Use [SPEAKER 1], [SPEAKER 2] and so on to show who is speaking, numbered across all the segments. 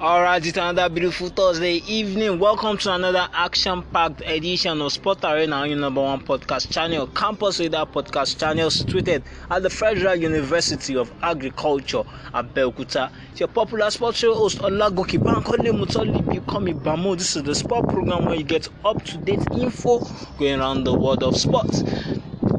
[SPEAKER 1] Alright, it's another beautiful Thursday evening. Welcome to another action packed edition of Sport Arena, your number one podcast channel, Campus Leader Podcast Channel, situated at the Federal University of Agriculture, Abeokuta. It's your popular sports show host, Olagoki Bankole Mutoli, become Ibamo. This is the sport program where you get up to date info going around the world of sports.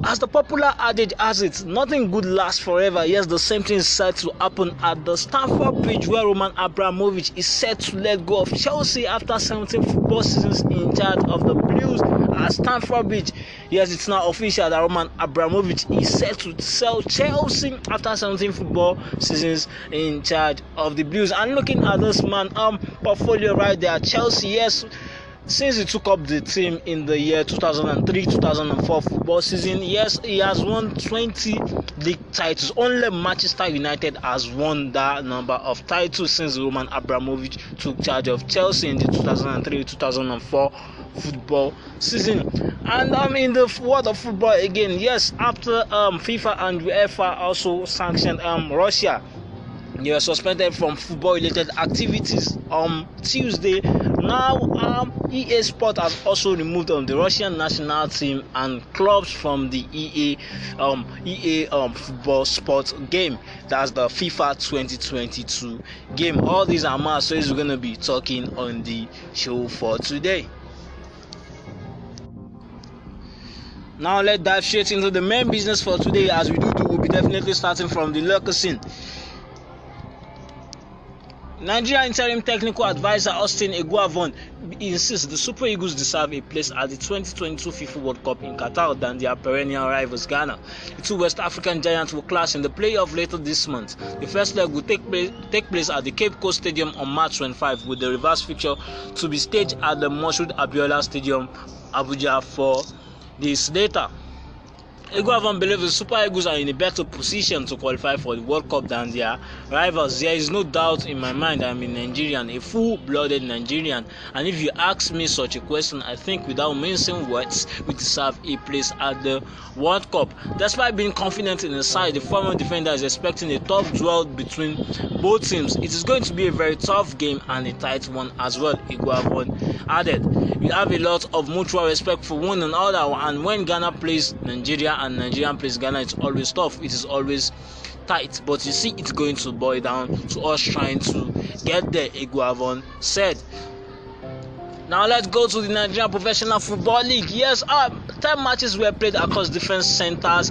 [SPEAKER 1] As the popular adage has it, nothing good lasts forever. Yes, the same thing is said to happen at the Stamford Bridge where Roman Abramovich is set to let go of Chelsea after 17 football seasons in charge of the Blues at Stamford Bridge. Yes, it's now official that Roman Abramovich is set to sell Chelsea after 17 football seasons in charge of the Blues. And looking at this man um portfolio right there, Chelsea, yes. Since he took up the team in the year 2003 2004 football season, yes, he has won 20 league titles. Only Manchester United has won that number of titles since Roman Abramovich took charge of Chelsea in the 2003 2004 football season. And I'm um, in the world of football again. Yes, after um, FIFA and UEFA also sanctioned um, Russia They were suspended from football related activities on Tuesday. Now, um, EA Sport has also removed um, the Russian national team and clubs from the EA um, EA um, football sports game. That's the FIFA 2022 game. All these are my stories we're going to be talking on the show for today. Now let's dive straight into the main business for today. As we do, do we'll be definitely starting from the local scene. Nigeria interim technical advisor Austin Eguavon insists the Super Eagles deserve a place at the 2022 FIFA World Cup in Qatar than their perennial rivals Ghana. The two West African giants will clash in the playoff later this month. The first leg will take place, take place at the Cape Coast Stadium on March 25, with the reverse fixture to be staged at the Moshood Abiola Stadium, Abuja, four days later. Iguavan believe the Super Eagles are in a better position to qualify for the World Cup than their rivals. There is no doubt in my mind I'm a Nigerian, a full-blooded Nigerian, and if you ask me such a question, I think without mincing words, we deserve a place at the World Cup. Despite being confident in the side, the former defender is expecting a tough duel between both teams. It is going to be a very tough game and a tight one as well, Iguavan added. We have a lot of mutual respect for one another, and when Ghana plays Nigeria and Nigerian plays Ghana it's always tough it is always tight but you see it's going to boil down to us trying to get there Iguavon said now let's go to the Nigerian Professional Football League. Yes, uh, 10 matches were played across different centers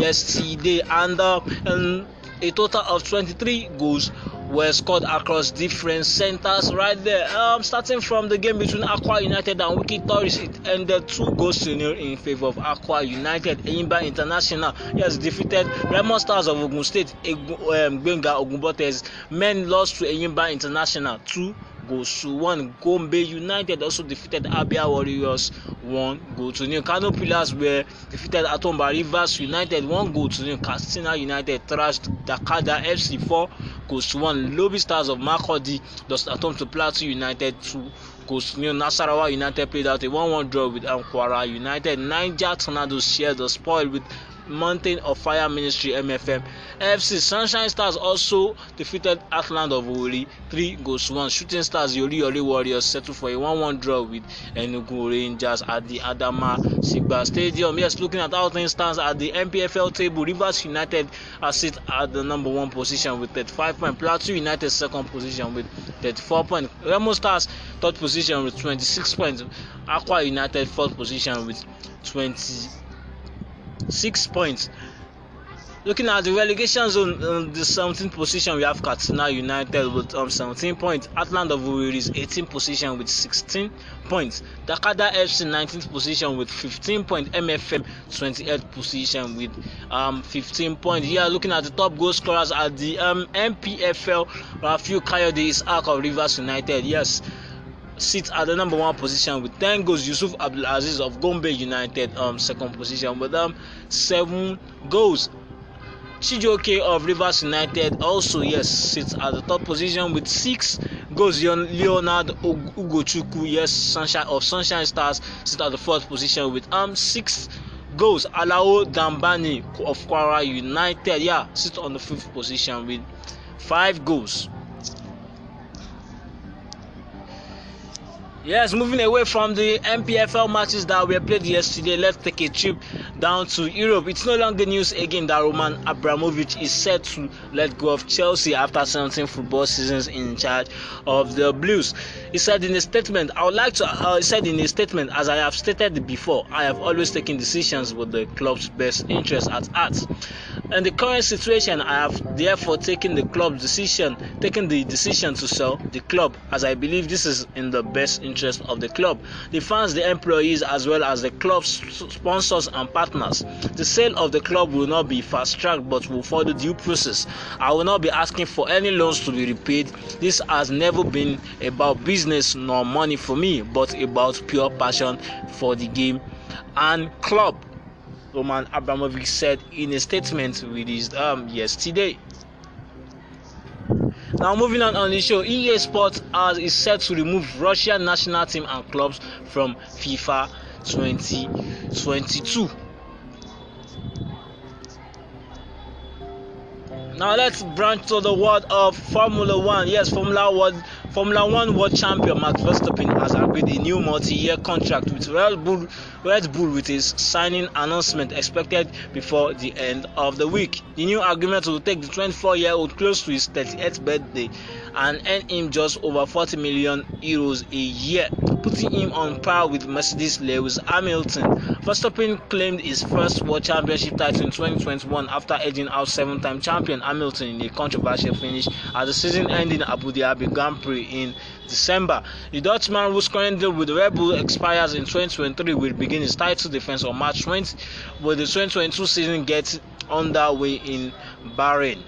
[SPEAKER 1] yesterday, and, uh, and um, a total of 23 goals were scored across different centres right there. Um, starting from the game between Aqua United and Wiki Torres, it ended two goals to nil in favour of Aqua United. Enyimba International has defeated Remo Stars of Ogun State. Egb um, Gbenga Ogunbote's men lost to Enyimba International two goals to one. Gombe United also defeated Abia Warriors one goal to nil. Kano Pillars were defeated Atomba Rivers United one goal to nil. Katsina United thrashed Dakada FC four goals to one. Lobi Stars of Makurdi lost Atom to Plateau United two goals to nil. Nasarawa United played out a one-one draw with Ankwara United. Niger Tornadoes shared the spoil with Mountain of Fire Ministry MFM. FC Sunshine Stars also defeated Athland of Uri three goals one. Shooting Stars Yori Yori Warriors settled for a one one draw with Enugu Rangers at the Adama Sigba Stadium. Yes, looking at how things stands at the MPFL table, Rivers United are sit at the number one position with five points, Plateau United second position with four points, Remo Stars third position with twenty six points, Akwa United fourth position with 20 six points. Looking at the relegation zone, um, the 17th position we have Katsina United with um, 17 points. Atlanta Warriors 18th position with 16 points. Dakada FC 19th position with 15 points. MFM 28th position with um, 15 points. Here, looking at the top goal scorers at the um, MPFL, Rafael Coyote is out of Rivers United. Yes, sits at the number one position with ten goals. Yusuf Abdulaziz of Gombe United, um, second position with um, seven goals. Chijioke of Rivers United also yes sits at the top position with six goals. Leonard Ugochukwu yes Sunshine of Sunshine Stars sits at the fourth position with um six goals. Alao Dambani of Kwara United yeah sits on the fifth position with five goals. Yes, moving away from the MPFL matches that were played yesterday, let's take a trip down to Europe. It's no longer news again that Roman Abramovich is set to let go of Chelsea after 17 football seasons in charge of the Blues. He said in a statement, I would like to, uh, he said in a statement, as I have stated before, I have always taken decisions with the club's best interest at heart. In the current situation, I have therefore taken the club's decision, taken the decision to sell the club, as I believe this is in the best interest of the club, the fans, the employees, as well as the club's sponsors and partners. The sale of the club will not be fast tracked but will follow due process. I will not be asking for any loans to be repaid. This has never been about business business nor money for me, but about pure passion for the game and club. Roman Abramovich said in a statement released um, yesterday. Now, moving on on the show, EA Sports has, is set to remove Russian national team and clubs from FIFA 2022. Now let's branch to the world of Formula One. Yes, Formula World. Formula One World Champion Max Verstappen has agreed a new multi-year contract with Red Bull, Red Bull with his signing announcement expected before the end of the week. The new agreement will take the 24-year-old close to his 38th birthday and earn him just over 40 million euros a year putting him on par with Mercedes Lewis Hamilton. Verstappen claimed his first World Championship title in 2021 after edging out seven time champion Hamilton in a controversial finish at the season ending Abu Dhabi Grand Prix in December. The Dutchman, whose current deal with Red Bull expires in 2023, will begin his title defense on March 20, but the 2022 season gets underway in Bahrain.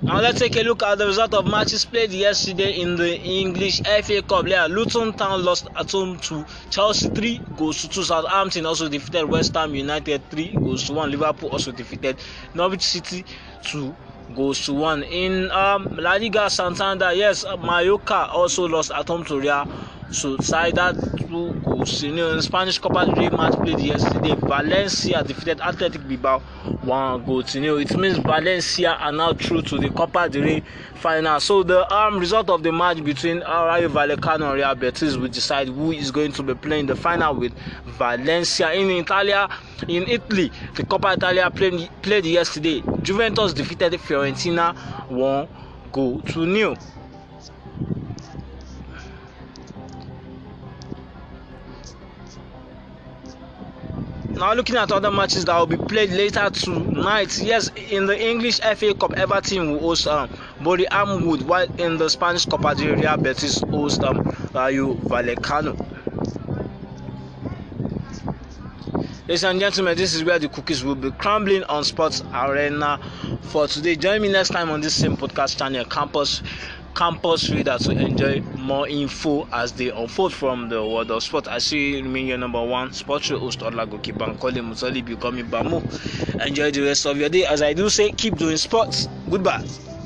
[SPEAKER 1] Now let's take a look at the result of matches played yesterday in the English FA Cup. Yeah, Luton Town lost at home to Chelsea 3 goals to 2. Southampton also defeated West Ham United 3 goals to 1. Liverpool also defeated Norwich City 2 goals to 1. In um, La Liga Santander, yes, Mallorca also lost at home to Real Sociedad 2 Union Spanish Copa del Rey match played yesterday, Valencia defeated Athletic Bilbao one goal to nil. It means Valencia are now through to the Copa del Rey final. So the um, result of the match between Rayo Vallecano and Real Betis will decide who is going to be playing the final with Valencia in Italia. In Italy, the Copa Italia played, played yesterday. Juventus defeated Fiorentina one goal to nil. Now looking at other matches that will be played later tonight. Yes, in the English FA Cup, Everton will host um, Bori Amwood, while in the Spanish Copa del Rey, Betis host um, Rayo Vallecano. Ladies and gentlemen, this is where the cookies will be crumbling on Sports Arena for today. Join me next time on this same podcast channel, Campus campus readers to enjoy more info as they unfold from the world of sport. I see remain your number one sports show host Olagoke Bankole Musoli becoming Bamu. Enjoy the rest of your day. As I do say, keep doing sports. Goodbye.